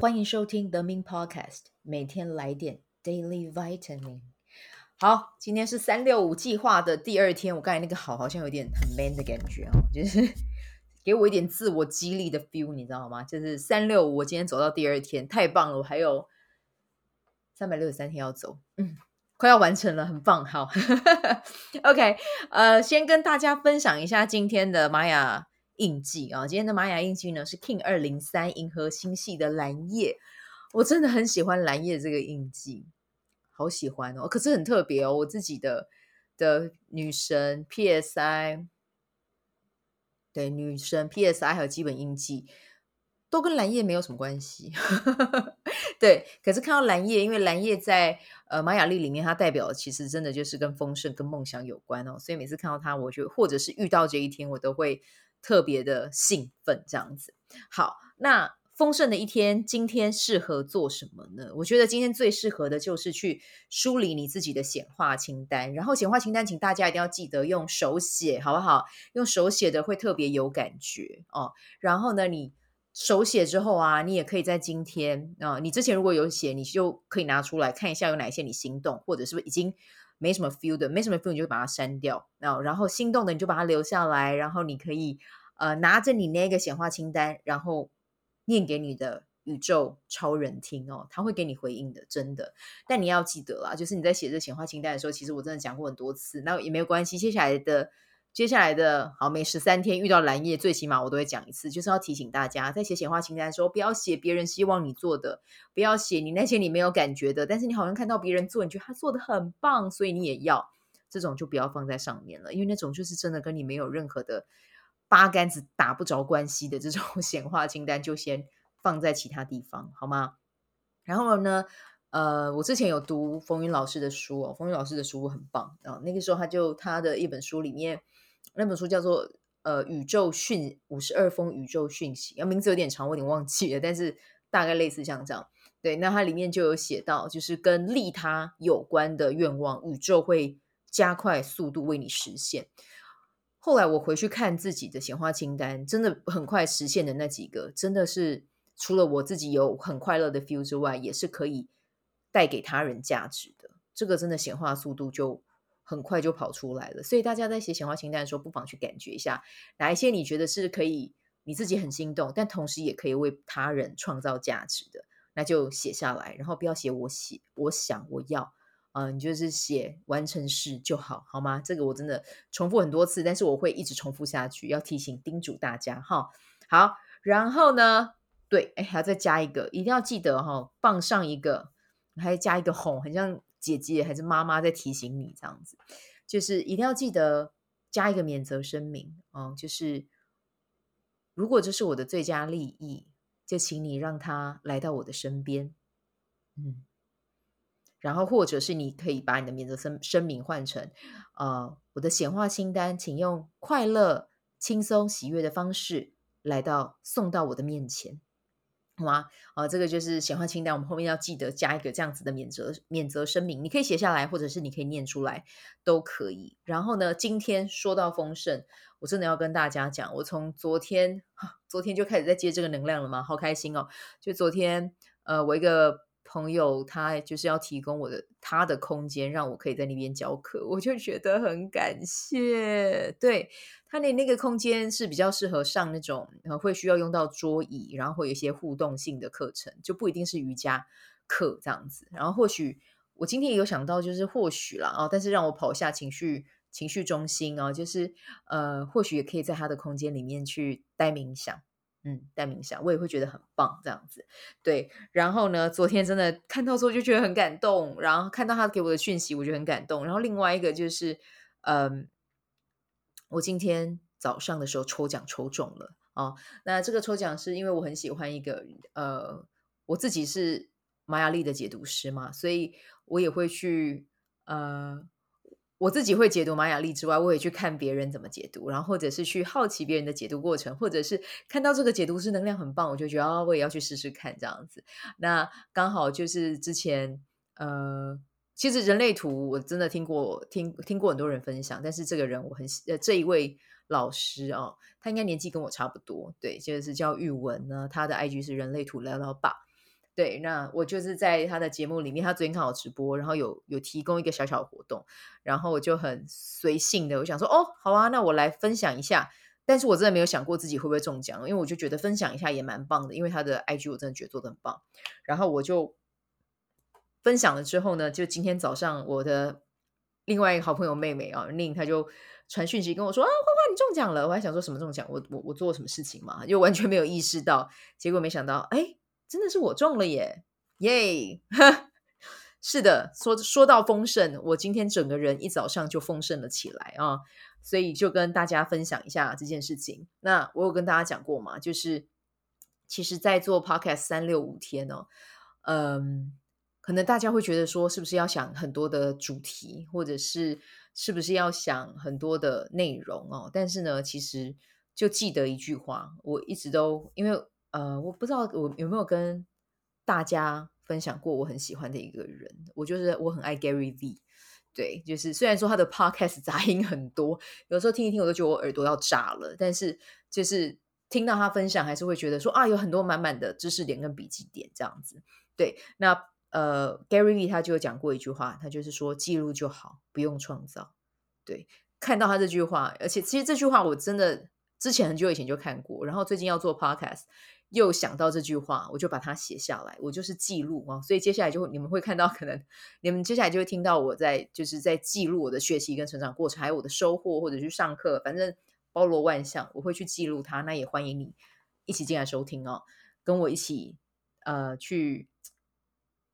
歡迎收聽 The Min Podcast，每天來點 Daily Vitamin。好，今天是三六五計劃的第二天。我剛才那個好好像有點很 man 的感覺哦，就是給我一點自我激勵的 feel，你知道嗎？就是三六五，我今天走到第二天，太棒了！我還有三百六十三天要走，嗯，快要完成了，很棒。好 ，OK，呃，先跟大家分享一下今天的瑪雅。印記啊、哦，今天的瑪雅印記呢是 Kin 二零三，銀河星系的藍夜。我真的很喜歡藍夜這個印記，好喜歡哦。可是很特別哦，我自己的的女神 PSI，對女神 PSI 還有基本印記都跟藍夜沒有什麼關係。 對，可是看到藍夜，因為藍夜在呃瑪雅曆裡面，它代表的其實真的就是跟豐盛、跟夢想有關哦。所以每次看到它，我就或者是遇到這一天，我都會。特別的興奮，這樣子。好，那豐盛的一天，今天適合做什麼呢？我覺得今天最適合的就是去梳理你自己的顯化清單。然後顯化清單，請大家一定要記得用手寫，好不好？用手寫的會特別有感覺哦。然後呢，你手寫之後啊，你也可以在今天啊、哦，你之前如果有寫，你就可以拿出來看一下有哪一些你心動，或者是不是已經。沒什麼 feel 的。沒什麼 feel 你就把它刪掉，然後，心動的你就把它留下來，然後你可以，呃，拿着你那個顯化清單，然後念給你的宇宙超人聽哦，他會給你回應的，真的。但你要記得啦，就是你在寫這顯化清單的時候，其實我真的講過很多次，那也沒有關係，接下來的。接下來的好，每十三天遇到藍夜。最起碼我都會講一次，就是要提醒大家，在寫顯化清單的時候，不要寫別人希望你做的，不要寫你那些你沒有感覺的，但是你好像看到別人做，你覺得他做的很棒，所以你也要這種就不要放在上面了，因為那種就是真的跟你沒有任何的八竿子打不着關係的這種顯化清單，就先放在其他地方好嗎？然後呢，呃，我之前有讀馮云老師的書哦，馮云老師的書很棒啊，那個時候他就他的一本書裡面。那本書叫做《呃宇宙訊五十二封宇宙訊息》，啊，名字有點長，我有點忘記了，但是大概類似像這樣。對，那它裡面就有寫到，就是跟利他有關的願望，宇宙會加快速度為你實現。後來我回去看自己的顯化清單，真的很快實現的那幾個，真的是除了我自己有很快樂的 feel 之外，也是可以帶給他人價值的。這個真的顯化速度就。很快就跑出來了，所以大家在寫顯化清單的時候，不妨去感覺一下哪一些你覺得是可以，你自己很心動，但同時也可以為他人創造價值的，那就寫下來，然後不要寫我寫我想我要嗯、呃，你就是寫完成式就好，好嗎？這個我真的重複很多次，但是我會一直重複下去，要提醒叮囑大家哈。好，然後呢，對，哎，還要再加一個，一定要記得哈、哦，放上一個，還要加一個紅，很像。姐姐還是媽媽在提醒你這樣子，就是一定要記得加一個免責聲明哦、啊，就是如果這是我的最佳利益，就請你讓他來到我的身邊，嗯。然後或者是你可以把你的免責聲明換成，呃，我的顯化清單，請用快樂、輕鬆、喜悅的方式來到，送到我的面前。好嗎？啊，這個就是顯化清單，我們後面要記得加一個這樣子的免責免責聲明，你可以寫下來，或者是你可以念出來都可以。然後呢，今天說到豐盛，我真的要跟大家講，我從昨天，啊、昨天就開始在接這個能量了嘛，好開心哦！就昨天，呃，我一個。朋友，他就是要提供我的他的空間，讓我可以在那邊教課，我就覺得很感謝。對，他的那個空間是比較適合上那種、呃、會需要用到桌椅，然後會有一些互動性的課程，就不一定是瑜伽課這樣子。然後或許我今天也有想到，就是或許啦啊，但是讓我跑下情緒情緒中心啊、哦，就是、呃、或許也可以在他的空間裡面去帶冥想。嗯，帶冥想，我也會覺得很棒，這樣子。對，然後呢，昨天真的看到之後就覺得很感動，然後看到他給我的訊息，我就很感動。然後另外一個就是，嗯、呃，我今天早上的時候抽獎抽中了啊、哦。那這個抽獎是因為我很喜歡一個呃，我自己是馬雅曆的解讀師嘛，所以我也會去呃。我自己會解讀瑪雅曆之外，我也去看別人怎麼解讀，然後或者是去好奇別人的解讀過程，或者是看到這個解讀是能量很棒，我就覺得啊、哦，我也要去試試看這樣子。那剛好就是之前呃，其實人類圖我真的聽過，聽聽過很多人分享，但是這個人我很喜呃這一位老師哦，他應該年紀跟我差不多，對，就是叫玉文呢，他的 IG 是人類圖聊聊吧。對，那我就是在他的節目裡面，他昨天看我直播，然後有有提供一個小小的活動，然後我就很隨性的，我想說，哦，好啊，那我來分享一下。但是我真的沒有想過自己會不會中獎，因為我就覺得分享一下也蠻棒的，因為他的 IG 我真的覺得做得很棒。然後我就分享了之後呢，就今天早上我的另外一個好朋友妹妹啊，寧、嗯，她就傳訊息跟我說啊，花花你中獎了。我還想說什麼中獎？我我我做什麼事情嘛？就完全沒有意識到，結果沒想到，哎。真的是我中了耶耶！ 是的，說說到豐盛，我今天整個人一早上就豐盛了起來啊，所以就跟大家分享一下這件事情。那我有跟大家講過嘛，就是其實，在做 Podcast 三六五天哦，嗯，可能大家會覺得說，是不是要想很多的主題，或者是是不是要想很多的內容哦？但是呢，其實就記得一句話，我一直都因為。呃，我不知道我有沒有跟大家分享過我很喜歡的一個人，我就是我很愛 Gary V。對，就是雖然說他的 Podcast 雜音很多，有時候聽一聽我都覺得我耳朵要炸了，但是就是聽到他分享，還是會覺得說啊，有很多滿滿的知識點跟筆記點這樣子。對，那呃，Gary V 他就有講過一句話，他就是說記錄就好，不用創造。對，看到他這句話，而且其實這句話我真的之前很久以前就看過，然後最近要做 Podcast。又想到這句話，我就把它寫下來，我就是記錄哦，所以接下來就會你們會看到，可能你們接下來就會聽到我在就是在記錄我的學習跟成長過程，還有我的收穫，或者去上課，反正包羅萬象，我會去記錄它。那也歡迎你一起進來收聽哦，跟我一起呃去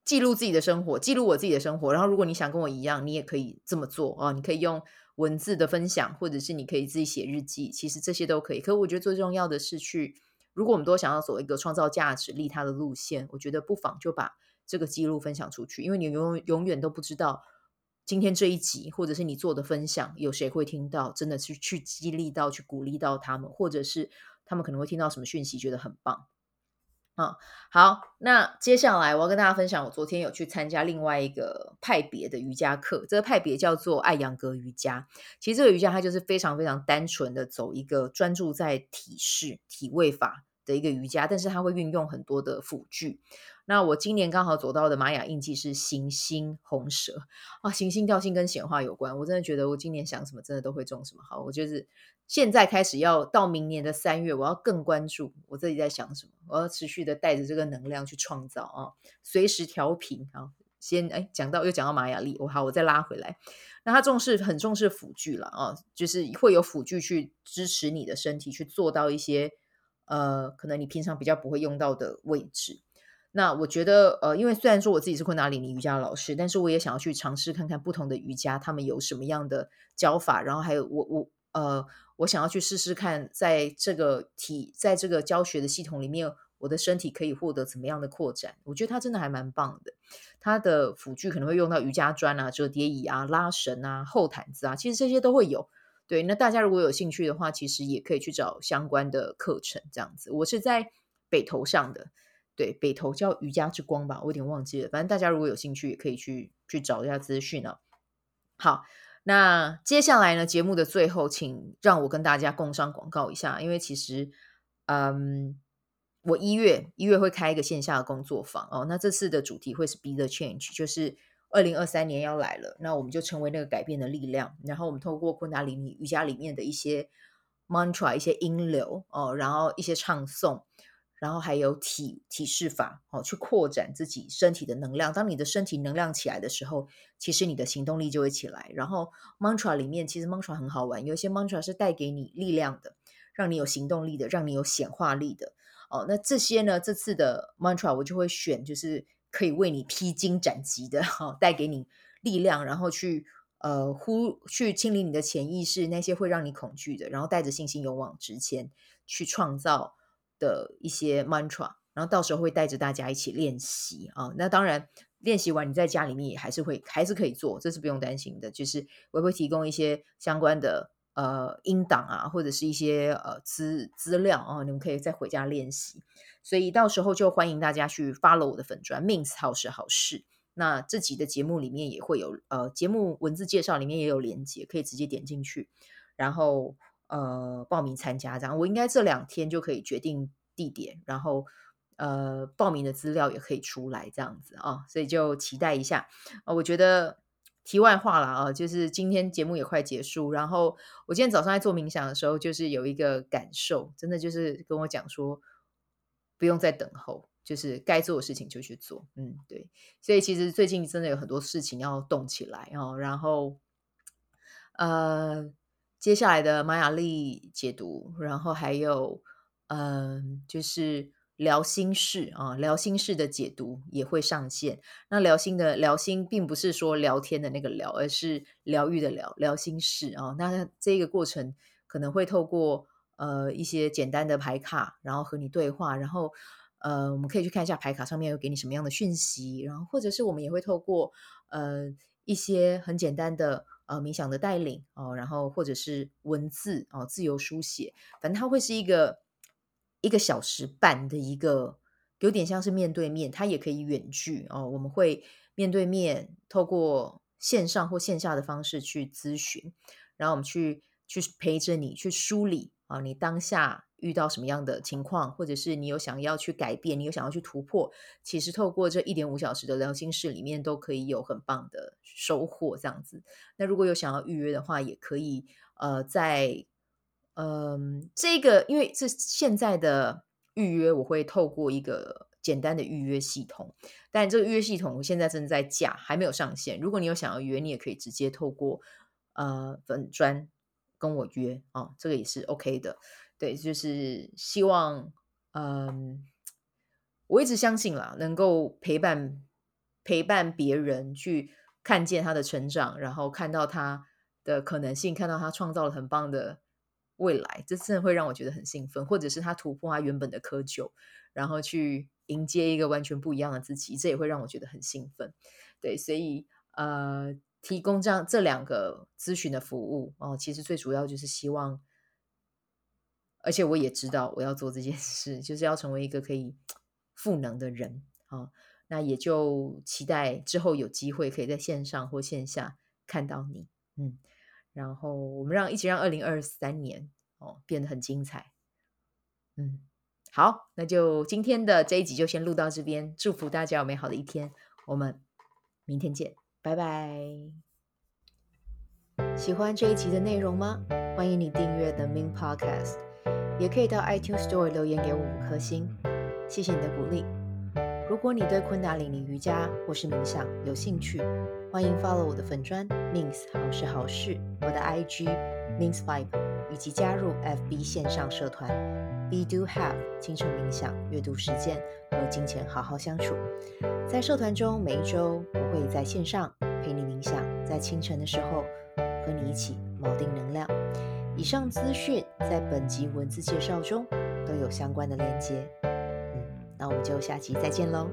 記錄自己的生活，記錄我自己的生活。然後，如果你想跟我一樣，你也可以這麼做哦，你可以用文字的分享，或者是你可以自己寫日記，其實這些都可以。可我覺得最重要的是去。如果我們都想要走一個創造價值、利他的路線，我覺得不妨就把這個記錄分享出去，因為你永永遠都不知道今天這一集，或者是你做的分享，有誰會聽到，真的是去激勵到、去鼓勵到他們，或者是他們可能會聽到什麼訊息，覺得很棒。啊、哦，好，那接下來我要跟大家分享，我昨天有去參加另外一個派別的瑜伽課，這個派別叫做艾揚格瑜伽。其實這個瑜伽它就是非常非常單純的走一個專注在體式、體位法的一個瑜伽，但是它會運用很多的輔具。那我今年剛好走到的瑪雅印記是行星紅蛇啊，行星調性跟顯化有關，我真的覺得我今年想什麼，真的都會中什麼。好，我就是現在開始要到明年的三月，我要更關注我自己在想什麼，我要持續的帶着這個能量去創造啊，隨時調頻。好，先哎，講到又講到瑪雅曆，我好，我再拉回來。那他重視很重視輔具了啊，就是會有輔具去支持你的身體，去做到一些呃，可能你平常比較不會用到的位置。那我覺得，呃，因為雖然說我自己是昆達里尼瑜伽老師，但是我也想要去嘗試看看不同的瑜伽，他們有什麼樣的教法，然後還有我我呃，我想要去試試看，在這個體在這個教學的系統裡面，我的身體可以獲得怎麼樣的擴展？我覺得他真的還蠻棒的。他的輔具可能會用到瑜伽磚啊、折疊椅啊、拉繩啊、厚毯子啊，其實這些都會有。對，那大家如果有興趣的話，其實也可以去找相關的課程，這樣子。我是在北投上的。對，北投叫瑜伽之光吧，我有點忘記了。反正大家如果有興趣，也可以去去找一下資訊啊。好，那接下來呢，節目的最後，請讓我跟大家工商廣告一下，因為其實，嗯，我一月一月會開一個線下的工作坊哦。那這次的主題會是 “Be the Change”，就是二零二三年要來了，那我們就成為那個改變的力量。然後我們透過昆達里尼瑜伽裡面的一些 mantra、一些音流哦，然後一些唱誦。然後還有體體示法，哦，去擴展自己身體的能量。當你的身體能量起來的時候，其實你的行動力就會起來。然後 mantra 裡面，其實 mantra 很好玩，有一些 mantra 是帶給你力量的，讓你有行動力的，讓你有顯化力的。哦，那這些呢？這次的 mantra 我就會選，就是可以為你披荊斬棘的，哈、哦，帶給你力量，然後去呃呼，去清理你的潛意識，那些會讓你恐懼的，然後帶着信心勇往直前去創造。的一些 mantra，然後到時候會帶着大家一起練習啊。那當然，練習完你在家裡面也還是會還是可以做，這是不用擔心的。就是我會提供一些相關的呃音檔啊，或者是一些呃資資料啊，你們可以再回家練習。所以到時候就歡迎大家去 follow 我的粉專 ，Min's 好時好事。那這集的節目裡面也會有呃節目文字介紹，裡面也有連接，可以直接點進去。然後。呃，報名參加這樣，我應該這兩天就可以決定地點，然後呃，報名的資料也可以出來這樣子啊，哦，所以就期待一下。哦，我覺得題外話了啊，哦，就是今天節目也快結束，然後我今天早上在做冥想的時候，就是有一個感受，真的就是跟我講說，不用再等候，就是該做的事情就去做。嗯，對，所以其實最近真的有很多事情要動起來哦，然後呃。接下來的瑪雅曆解讀，然後還有，嗯、呃，就是聊心事啊、哦，聊心事的解讀也會上線。那聊心的聊心，並不是說聊天的那個聊，而是療癒的聊，聊心事啊、哦。那這個過程可能會透過呃一些簡單的牌卡，然後和你對話，然後呃我們可以去看一下牌卡上面有給你什麼樣的訊息，然後或者是我們也會透過呃。一些很簡單的呃冥想的帶領哦，然後或者是文字哦，自由書寫。反正它會是一個一個小時半的一個，有點像是面對面，它也可以遠距哦。我們會面對面，透過線上或線下的方式去諮詢，然後我們去去陪着你去梳理。你當下遇到什麼樣的情況，或者是你有想要去改變，你有想要去突破，其實透過這一點五小時的療心室裡面，都可以有很棒的收穫。這樣子，那如果有想要預約的話，也可以呃，在嗯、呃、這個，因為這現在的預約，我會透過一個簡單的預約系統，但這個預約系統我現在正在架，還沒有上線。如果你有想要預約，你也可以直接透過呃粉專，跟我約啊、哦，這個也是 OK 的。對，就是希望，嗯，我一直相信啦，能夠陪伴陪伴別人去看見他的成長，然後看到他的可能性，看到他創造了很棒的未來，這真的會讓我覺得很興奮。或者是他突破他原本的窠臼，然後去迎接一個完全不一樣的自己，這也會讓我覺得很興奮。對，所以呃。提供這樣這兩個諮詢的服務哦，其實最主要就是希望，而且我也知道我要做這件事，就是要成為一個可以賦能的人啊、哦。那也就期待之後有機會可以在線上或線下看到你，嗯。然後我們讓一起讓二零二三年哦變得很精彩，嗯。好，那就今天的這一集就先錄到這邊，祝福大家有美好的一天，我們明天見。拜拜！喜歡這一集的內容嗎？歡迎你訂閱 The Min Podcast，也可以到 iTunes Store 留言給我五顆星，謝謝你的鼓勵。如果你對昆達里尼瑜伽或是冥想有興趣，歡迎 follow 我的粉專 Mins 好時好事，我的 IG。Min's Vibe 以及加入 FB 線上社團。Be-Do-Have 清晨冥想、閱讀實踐和金錢好好相處。在社團中，每一周我會在線上陪你冥想，在清晨的時候和你一起錨定能量。以上資訊在本集文字介紹中都有相關的鏈接。嗯，那我們就下集再見嘍。